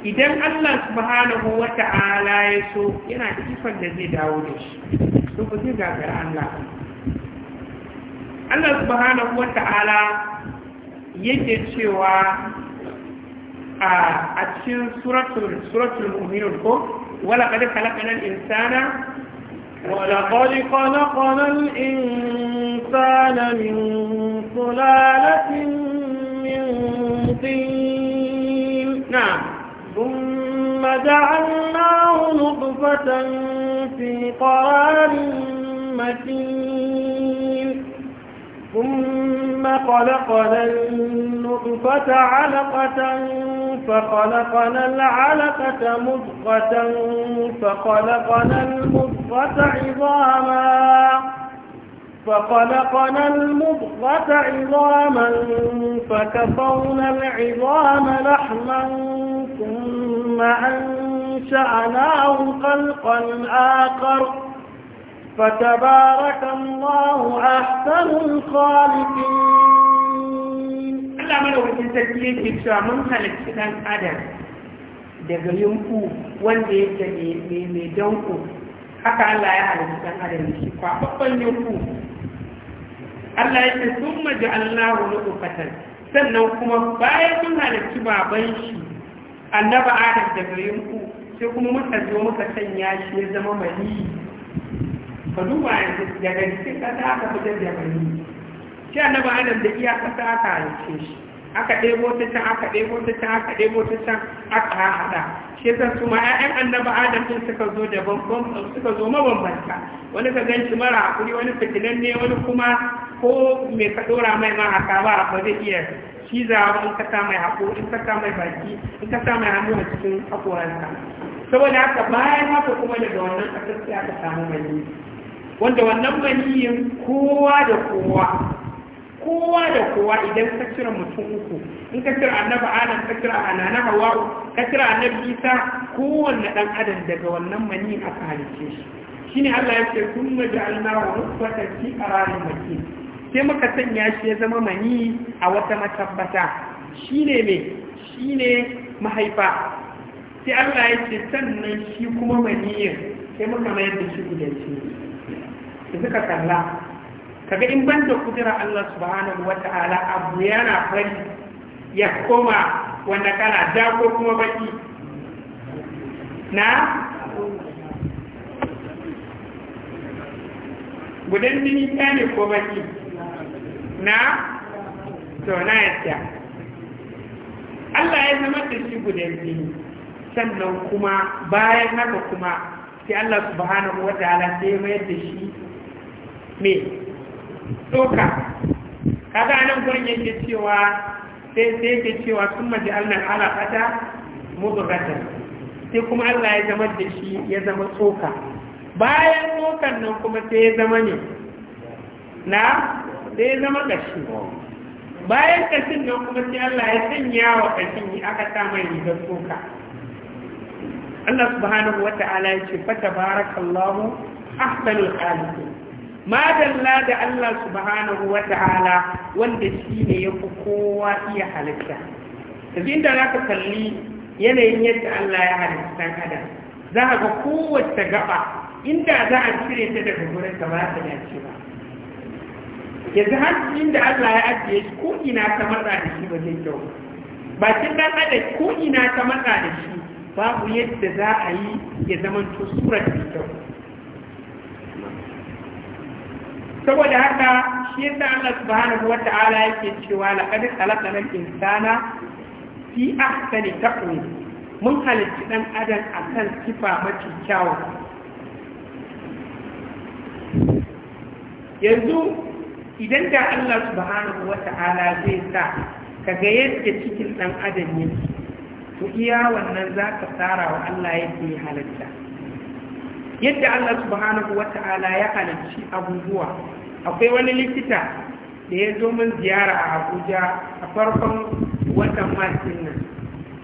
idan Allah subhanahu wata'ala ya so yana da ifan da zai dawo da shi to ba zai gagara Allah Allah subhanahu wata'ala yake cewa a cikin suratul suratul mu'minun ko wala qad khalaqna al-insana ولقد خلقنا الإنسان من سلالة من طين نعم ثم جعلناه نطفة في قرار متين ثم خلقنا النطفة علقة فخلقنا العلقة مضغة فخلقنا المضغة عظاما فخلقنا المضغة عظاما فكفونا العظام لحما ثم أنشأناه خلقا آخر فتبارك الله أحسن الخالقين الله من وجه تجليل إكسوا من خلق سنان أدم daga yanku wanda yake mai danko haka Allah ya halitta dan adam shi kwa babban yanku Allah ya ce sun maji Allah nutfatan sannan kuma bayan mun halarci baban shi annaba Adam daga yanku sai kuma muka zo muka sanya shi ya zama maniyi ka daga cikin ƙasa aka fitar da bani shi annabi adam da iya ƙasa aka halice shi aka ɗebo ta can aka ɗebo ta can aka ɗebo ta can aka haɗa shi yasa su ma ƴaƴan annaba adam din suka zo da bambam suka zo mabambanta wani ka ganci mara hakuri wani fitinan ne wani kuma ko me ka ɗora mai ma haka ba ba zai iya shi za in ka sa mai haƙo in ka sa mai baki in ka sa mai hannu a cikin haƙoransa saboda haka bayan haka kuma daga wannan ƙasar sai aka samu mai wanda wannan maniyin kowa da kowa kowa da kowa idan ka cire mutum uku in ka cire annabi adam ka cire anana hawa ka cire annabi isa kowanne dan adam daga wannan mani aka halice shi shine Allah ya ce kun ja'alna wa nutfata fi qararin maki sai muka sanya shi ya zama mani a wata matabbata shine me shine mahaifa sai Allah ya ce sannan shi kuma mani sai muka mayar da shi gudanci da suka kalla kaga in ban da kudura Allah subhanahu ta'ala abu yana fari ya koma wanda kana da ko kuma baki na gudan jini ta ne ko baki na to na yadda Allah ya zama da shi gudan jini sannan kuma bayan haka kuma sai Allah subhanahu ta'ala sai mayar da shi me ka, kaga anan gurin yake cewa sai sai yake cewa sun maji alnar alaƙata mubugata sai kuma Allah ya zama da shi ya zama tsoka bayan tsokan nan kuma sai ya zama ne na sai ya zama ƙashi bayan ƙashin nan kuma sai Allah ya sanya wa ƙashin yi aka sa mai rigar tsoka Allah subhanahu wa ta'ala ya ce fa tabarakallahu ahsanul khaliqin madalla da Allah subhanahu wa ta'ala wanda shi ne ya fi kowa iya halitta yanzu da za ka kalli yanayin yadda Allah ya halitta ɗan adam za a ga kowace gaba inda za a cire ta daga gurin ta ba ta dace ba yanzu har inda Allah ya ajiye shi ko ina ta matsa da shi ba zai kyau bakin ɗan adam ko ina ta matsa da shi babu yadda za a yi ya zama to surar da kyau saboda haka shi yasa Allah subhanahu wata'ala yake cewa laqad khalaqna insana fi ahsani taqwim mun halitta dan adam akan sifa mafi kyawu yanzu idan da Allah subhanahu wata'ala zai sa ka ga yadda cikin dan adam ne to iya wannan zaka tsara wa Allah yake halitta yadda Allah subhanahu wata'ala ya halicci abubuwa akwai wani likita da ya zo min ziyara a abuja a farkon watan masin nan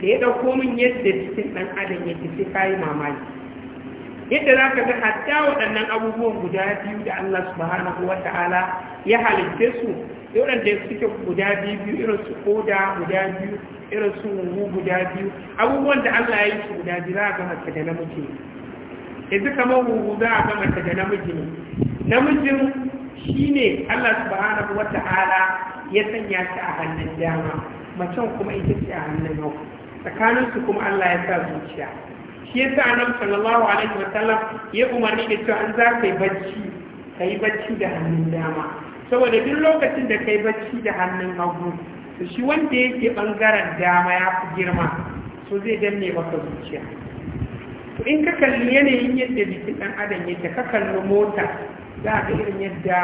da ya ɗauko min yadda cikin ɗan adam yake sai kayi mamaki yadda za ka ga hatta waɗannan abubuwan guda biyu da allah subhanahu wa ta'ala ya halitta su yawan da suke guda biyu irin su koda guda biyu irin su hungu guda biyu abubuwan da allah ya yi su guda biyu za a ga mace da namiji yanzu kamar hungu za a ga mace da namiji ne namijin Shi ne Allah subhanahu ta'ala ya sanya shi a hannun dama macen kuma ita ce a hannun hagu tsakanin su kuma Allah ya sa zuciya shi yasa annabi sallallahu alaihi wa sallam ya umarni da cewa an za ka yi bacci ka yi bacci da hannun dama saboda duk lokacin da ka yi bacci da hannun hagu to shi wanda yake bangaren dama ya fi girma so zai danne maka zuciya to in ka kalli yanayin yadda jikin ɗan adam yake ka kalli mota za ga irin yadda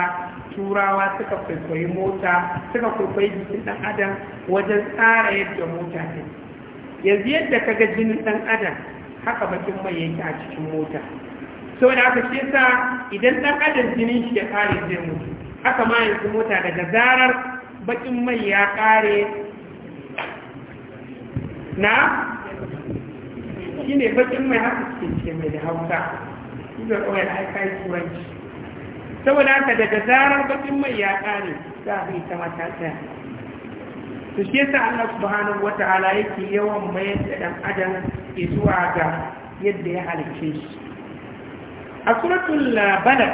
turawa suka kwaikwayi mota suka kwaikwayi jikin ɗan adam wajen tsara yadda mota ta yanzu yadda ka ga jinin ɗan adam haka bakin mai yake a cikin mota sau da aka ce sa idan ɗan adam jinin shi ya kare zai mutu haka ma yanzu mota daga zarar bakin mai ya kare na shi ne bakin mai haka suke ce mai da hausa oil turanci saboda haka daga zarar bakin mai ya kare za a ita mata ɗaya Su shi yasa Allah subhanahu ala yake yawan mayar da dan adam zuwa ga yadda ya halicce shi a suratul labana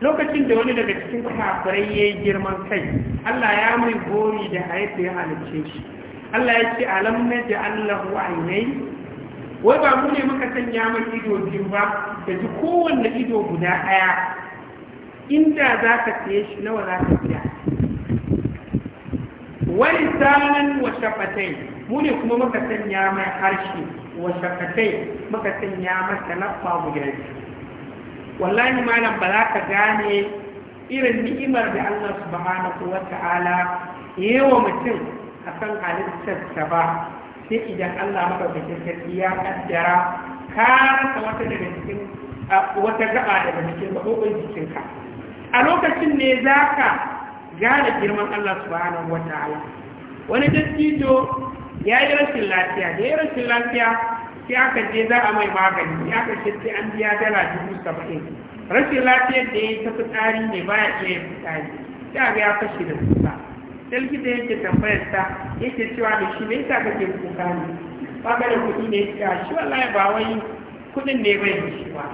lokacin da wani daga cikin kafirai yi girman kai Allah ya mai gori da haifu ya halicce shi Allah ya ce alam Allah lahu aynayni wai ba mu ne muka sanya mai ido biyu ba da ji kowanne ido guda ɗaya inda za ka siye shi nawa za ka siya wani sanan wa shafatai mu ne kuma muka sanya mai harshe wa muka sanya masa lafa guda wallahi malam ba za ka gane irin ni'imar da Allah subhanahu wa ta'ala yawa mutum akan halittarsa ba sai idan Allah madaukakin sarki ya kaddara ka rasa wata daga cikin wata gaba daga cikin gaɓoɓin jikinka a lokacin ne za ka gane girman Allah subhanahu wa ta'ala wani dattijo ya yi rashin lafiya da ya rashin lafiya sai aka je za a mai magani ya aka ce sai an biya dala dubu saba'in rashin lafiya da ya yi ta fitsari ne ba ya iya fitsari sai ga ya fashe da kusa sai likita yake tambayar ya yake cewa da shi me yasa kake kuka ne ba ga da kuɗi ne ya shi wallahi ba wai kuɗin ne bai da shi ba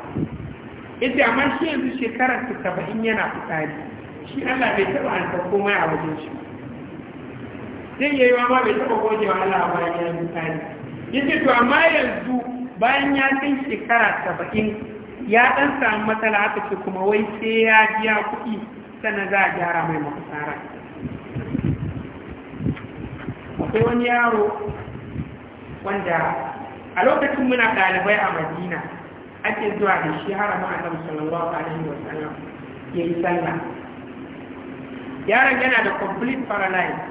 yadda amma shi yanzu shekarar ta saba'in yana fitsari shi allah bai taɓa an sauko mai a wajen shi zai yi ma bai taɓa goge wa allah a bayan ya fitsari yadda to amma yanzu bayan ya kai shekara saba'in ya dan samu matsala haka ce kuma wai sai ya biya kuɗi sannan za a gyara mai mafitsara akwai wani yaro wanda a lokacin muna ɗalibai a madina ake zuwa da shi ma annabi sallallahu alaihi wa sallam ya yi sallah yaron yana da complete paralysis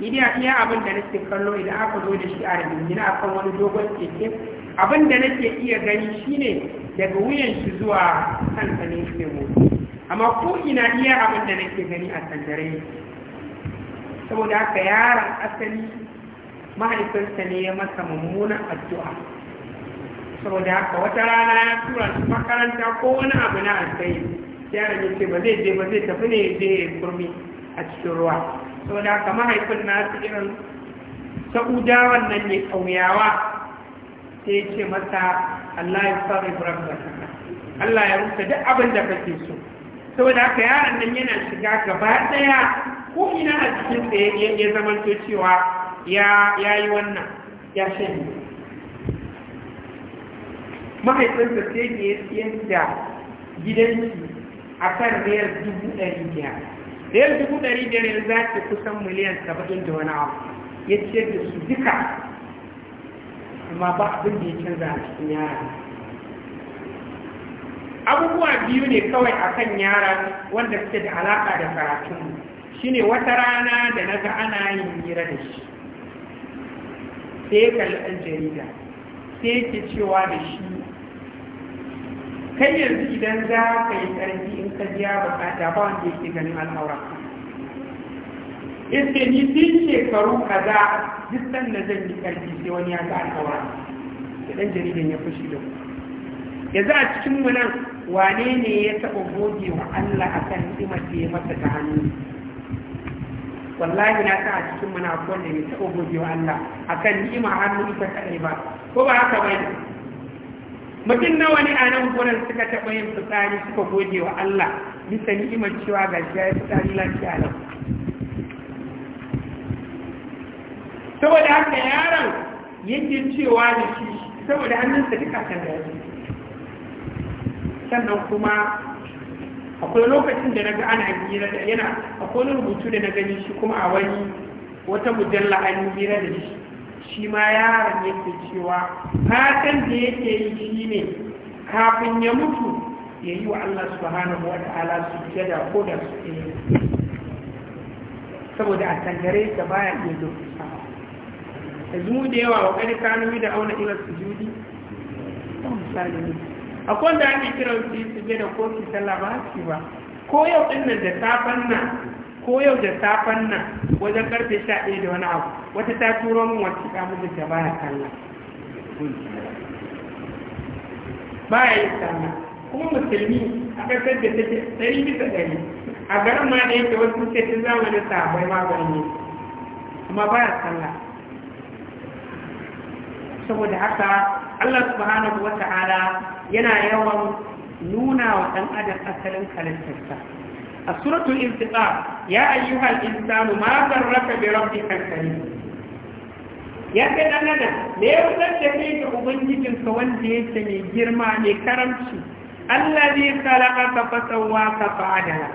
idan iya abin da nake kallo idan aka zo da shi a rigingina akan wani dogon keke abin da nake iya gani shine daga wuyan shi zuwa kan sanin shi amma ko ina iya abin da nake gani a sandare saboda haka yaron asali mahaifinsa ne ya masa mummunan addu'a saboda haka wata rana ya tura su makaranta ko wani abu na alkai yaron ya ce ba zai je ba zai tafi ne ya je ya kurmi a cikin ruwa saboda haka mahaifin su irin sa'uda wannan ne kauyawa sai ce masa Allah ya fara ibrahim Allah ya rufe duk abin da kake so saboda haka yaron nan yana shiga gaba daya ko ina a cikin ya zamanto cewa ya yi wannan ya shanye mahaifinsa sai da ya siyan da gidansu a kan rayar dubu ɗari biyar rayar dubu ɗari biyar yanzu za ta kusan miliyan saba'in da wani abu ya ce da su duka amma ba abin da ya canza a cikin yara abubuwa biyu ne kawai a kan yara wanda suke da alaƙa da karatunmu shine wata rana da na ga ana yin hira da shi sai ya kalli ɗan jarida sai yake cewa da shi kai yanzu idan za ka yi ƙarfi in ka biya bukata ba wanda yake ganin al'aura iske ni tun shekaru kaza duk san da zan yi ƙarfi sai wani ya ga al'aura da ɗan jaridan ya fushi da ku yanzu a cikin mu nan wane ne ya taɓa goge wa Allah a kan da ya masa ta hannu wallahi na sa a cikin mu na wanda ne taɓa goge wa Allah akan ni'ima hannu ita kaɗai ba ko ba haka ba mutum nawa ne a nan gurin suka taɓa yin fitsari suka goge wa Allah bisa ni'imar cewa ga shi ya fitsari lafiya lau saboda haka yaron yake cewa da shi saboda hannunsa duka kan da sannan kuma akwai lokacin da na ga ana hira da yana akwai rubutu da na gani shi kuma a wani wata mujalla an hira da shi shi ma yaron yake cewa fatan da yake yi shi ne kafin ya mutu ya yi wa Allah subhanahu wa ta'ala su jada ko da su ne saboda a tangare ta baya iya dokusa yanzu mu da yawa wa kani kanomi da auna ilar su judi ta misali ne akwai da ake kiran su yi su jada ko su ta ba su ba ko yau ɗin da safan nan ko yau da safen nan wajen karfe sha ɗaya da wani abu wata ta turo min wata ta mijin ta baya Ba baya yi sallah kuma musulmi a ƙasar da take ɗari bisa ɗari a garin ma da yake wasu ce ta zama ma ba ne kuma baya sallah saboda haka Allah subhanahu wa ta'ala yana yawan nuna wa ɗan adam asalin halittarsa a suratul intiqa ya ayyuhal insanu ma garraka bi ya kai dan adam me ya wutar da kai ga ubangijin ka wanda yake mai girma mai karamci allazi khalaqaka fa sawwaka fa adala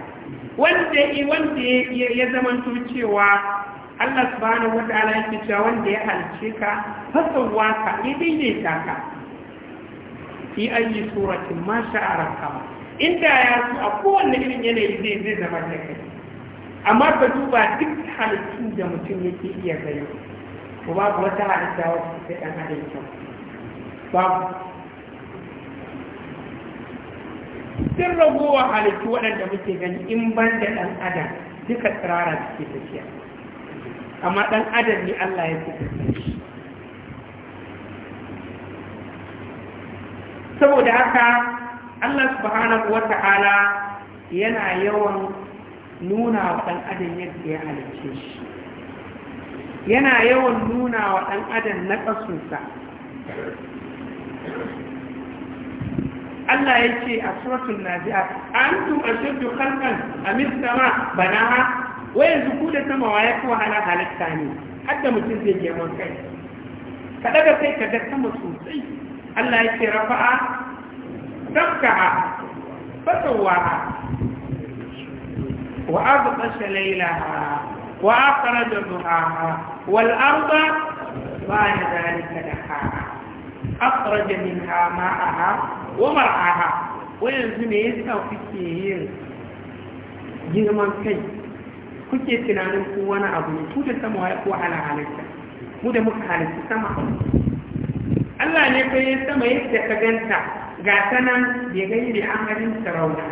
wanda wanda ya zamanto cewa Allah subhanahu wataala yake cewa wanda ya halice ka fasawwa ka ya daidaita ka fi ayi suratin ma sha'ara ka inda ya su a kowanne irin yanayi zai zai zama da kai amma ka duba duk halittun da mutum yake iya gani ko babu wata halitta wacce ta ɗan adam kyau babu sun ragowa halittu waɗanda muke gani in ban da ɗan adam duka tsirara suke tafiya amma ɗan adam ne Allah ya fi tafiya saboda haka Allah subhanahu wa ta'ala yana yawan nuna wa ɗan adam yadda ya halicce shi yana yawan nuna wa ɗan adam na ƙasunsa Allah ya ce a suratun nazi'a an tun a shaddu kalkan a misama banaha waya zuku da sama wa ya fi wahala halitta ne hadda mutum zai girman kai ka daga kai ka ga sama sosai Allah ya ce rafa'a تفتح فسواها وأغطش ليلها وأخرج ضحاها والأرض بعد ذلك دحاها أخرج منها ماءها ومرعاها ويزن يسأو فيه girman kai kuke tunanin ko wani abu ne ku da sama ya ko ala halitta mu da muka halitta sama Allah ne fa ya sama yadda ka ganta ga sanan bai gani da amarin sarauna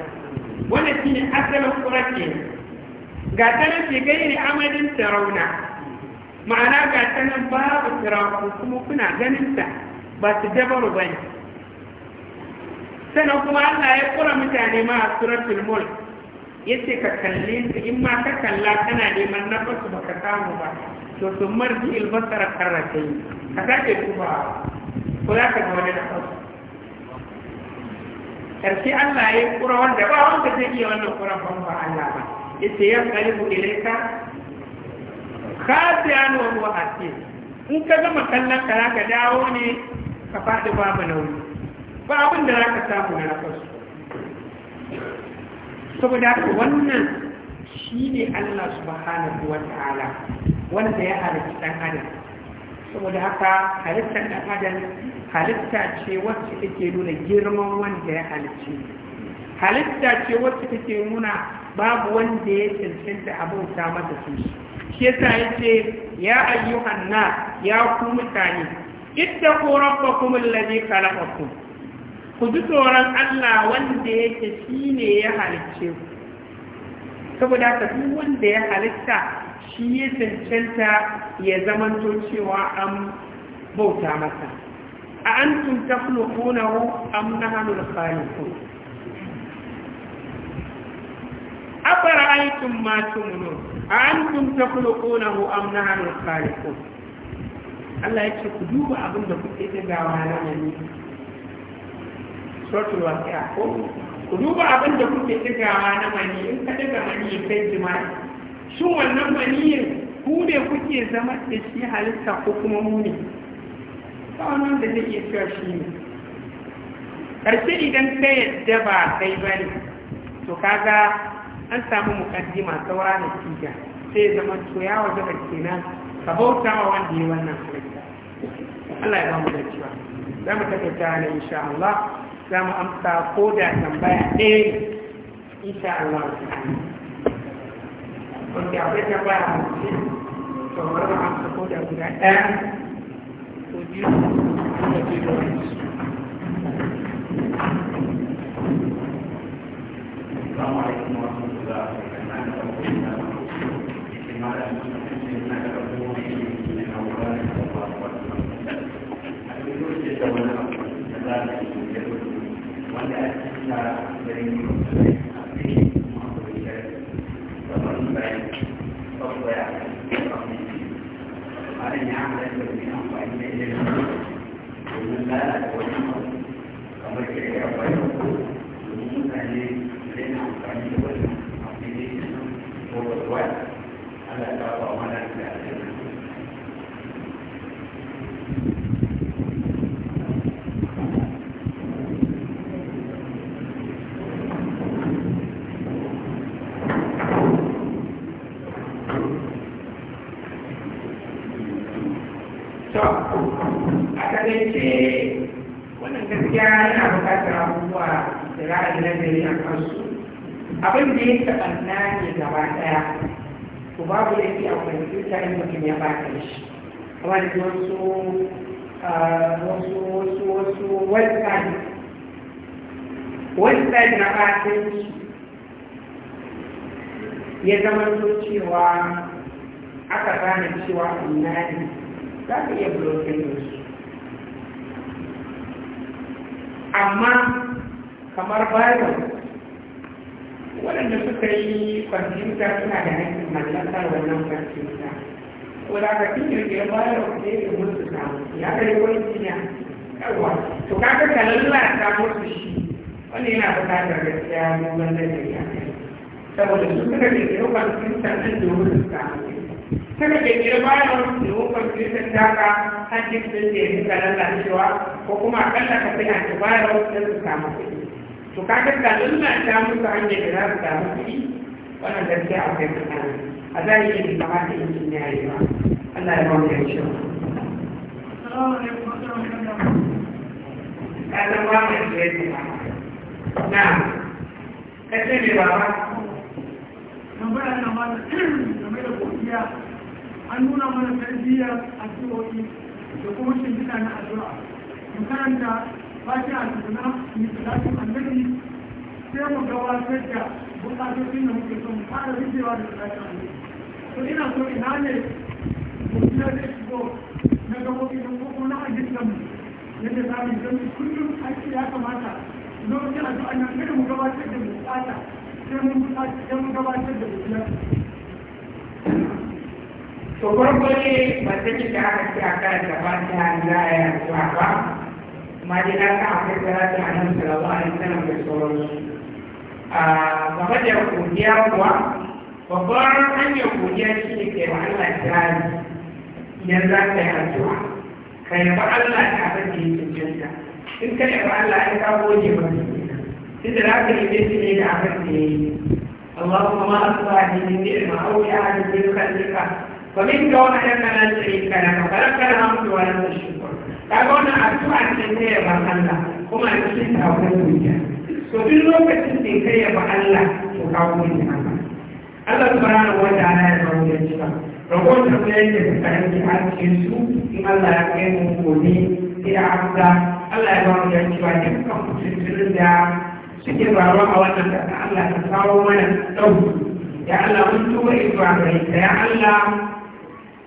wannan shi ne asalin kura ke ga sanan bai gani da amarin sarauna ma'ana ga sanan babu sarauna kuma kuna ganin sa ba su dabaru ba ne sannan kuma allah ya kura mutane ma a suratul mulk ya ce ka kalli su in ma ka kalla kana neman na basu ba ka samu ba to sun marji ilbasar karratai ka sake duba ko za ka ga wani na basu karshe Allah ya yi kura wanda ba wanda zai iya wannan kura ban ba Allah ba ita ya kalibu ilaika khadiyan wa a ce. in ka gama kallon ka dawo ne ka faɗi babu nauyi ba abin da ka samu na rafarsu saboda haka wannan shi ne Allah subhanahu wa ta'ala wanda ya halarci ɗan adam saboda haka halittar ɗan adam halitta ce wacce take nuna girman wanda ya halicce halitta ce wacce take nuna babu wanda ya cancanta abin samar da su shi yasa yace ya ayyuhan na ya ku mutane ittaqu rabbakum alladhi khalaqakum ku ji tsoron Allah wanda yake shine ya halicce ku saboda haka duk wanda ya halitta shi ya cancanta ya zamanto cewa an bauta masa a an tun taflukunahu am nahanu al a fara aikin masu munu a an tun hu am nahanu al-khaliqun Allah ya ce ku duba abin da kuke gawa na nani suratul ya ko ku duba abin da kuke gawa na mani in ka daga mani kai jima'i shi wannan maniyin ku ne kuke zama da shi halitta ko kuma muni ta wannan da zai iya cewa shi ne ƙarshe idan ta yadda ba kai ba ne to kaga an samu masu saura na tiga sai zama to ya waje ba kenan ka bauta wa wanda ya wannan halitta Allah ya ba mu da cewa za mu ta na insha Allah za mu amsa ko da tambaya ɗaya insha Allah ta'ala porque aplica para seorang tomar uma ação de tujuh o dia gane cewa ina ne za ka iya blokin da su amma kamar bayan waɗanda suka yi kwamfuta suna da hankin mallakar wannan kwamfuta wadatakin kirkiyar bayan ne da musu samu ya kai wani jiya yawa to kaga ka lallata musu shi wani yana bukatar gaskiya mu wannan ne ya kai saboda su suka kirkiyar kwamfuta nan ne su samu kada ka kira bayan da wukan kirkin taka hajjin sun ke suka lalacewa ko kuma akalla ka fi baya bayan don su samu kuɗi to kaga ka ta musu hanyar da za su samu kuɗi wannan gaskiya akwai mutane a zahiri da kamata in a yi ba Allah ya bamu da shi ka san ba mai shi na kace ne baba tambaya na game da an nuna mana tarbiyyar addu'o'i da kuma shimfiɗa na addu'a mu ba fatiha da zuna mu salatin annabi sai mu gabatar da bukatocin da muke son mu fara rikewa da salatin annabi to ina so ina ne mu kira da shigo na gabobi da koko na ajiyar mu yadda za mu zama kullum aiki ya kamata lokacin addu'a na gani mu gabatar da bukata sai mun sai mu gabatar da bukata to farko ne ta ci da aka ce a kan da ba ta za a yi addu'a ba amma dai na san akwai salatu a nan salama a wasallam da sauransu a game da godiya kuwa babbar hanyar godiya shi ne kai wa Allah kirari idan za ka yi addu'a ka yi ba Allah ta abin da ya cancanta in ka ba Allah ai ka gode ba sai da za ka yi ne da abin da ya yi اللهم ما أصبح من نعمة أو يعني من خلقك فمن جوانا حيث نلتقي الكلام فلم كان عمد ولا الشكر فقالنا عبدو عن سنتية بحلة هم عن سنتة وكذب الجهة ففي اللوكة سنتية بحلة وكذب الجهة الله سبحانه وتعالى يقول يا شباب ربنا سبحانه وتعالى يقول يا شباب الله يقول يا شباب إلى عبدا الله يقول يا شباب يمكن أن تسلم يا شباب الله أولا الله تساوي من التوب يا الله أنتم وإنتم عبريت يا الله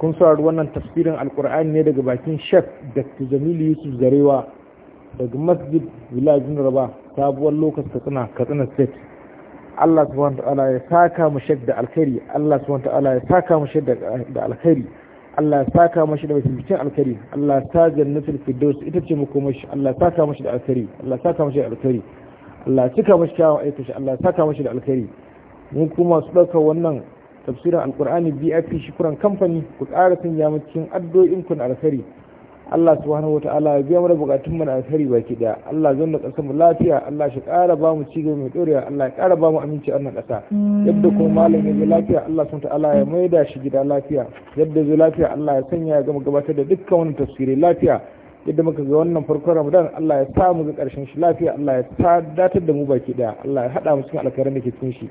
kun saurari wannan tafsirin alkur'ani ne daga bakin shek dr jamilu yusuf zarewa daga masjid vilajin raba sabuwar lokacin katsina katsina state allah su wanta ta'ala ya saka mu shek da alkhairi allah su wanta ta'ala ya saka mu shek da alkhairi allah ya saka mu da mutuncin alkhairi allah ya sa jannatul firdaus ita ce makomashi allah ya saka mu da alkhairi allah ya saka mu da alkhairi allah ya cika mu kyawun aikashi allah ya saka mu da alkhairi mun kuma su ɗauka wannan tafsirin alkur'ani bip shukuran kamfani ku ƙara sun ya cikin addu'o'in ku na alkhairi Allah subhanahu wata'ala ya biya mana bukatun mu na alkhairi baki daya Allah zanna kasar mu lafiya Allah shi ƙara ba mu cigaba mai dorewa Allah ya ƙara ba mu aminci a nan yadda kuma malam ya zo lafiya Allah subhanahu wata'ala ya maida shi gida lafiya yadda zo lafiya Allah ya sanya ya gama gabatar da dukkan wani tafsirai lafiya yadda muka ga wannan farkon ramadan Allah ya sa mu ga karshen shi lafiya Allah ya ta da mu baki daya Allah ya hada mu cikin alkhairin da ke cikin shi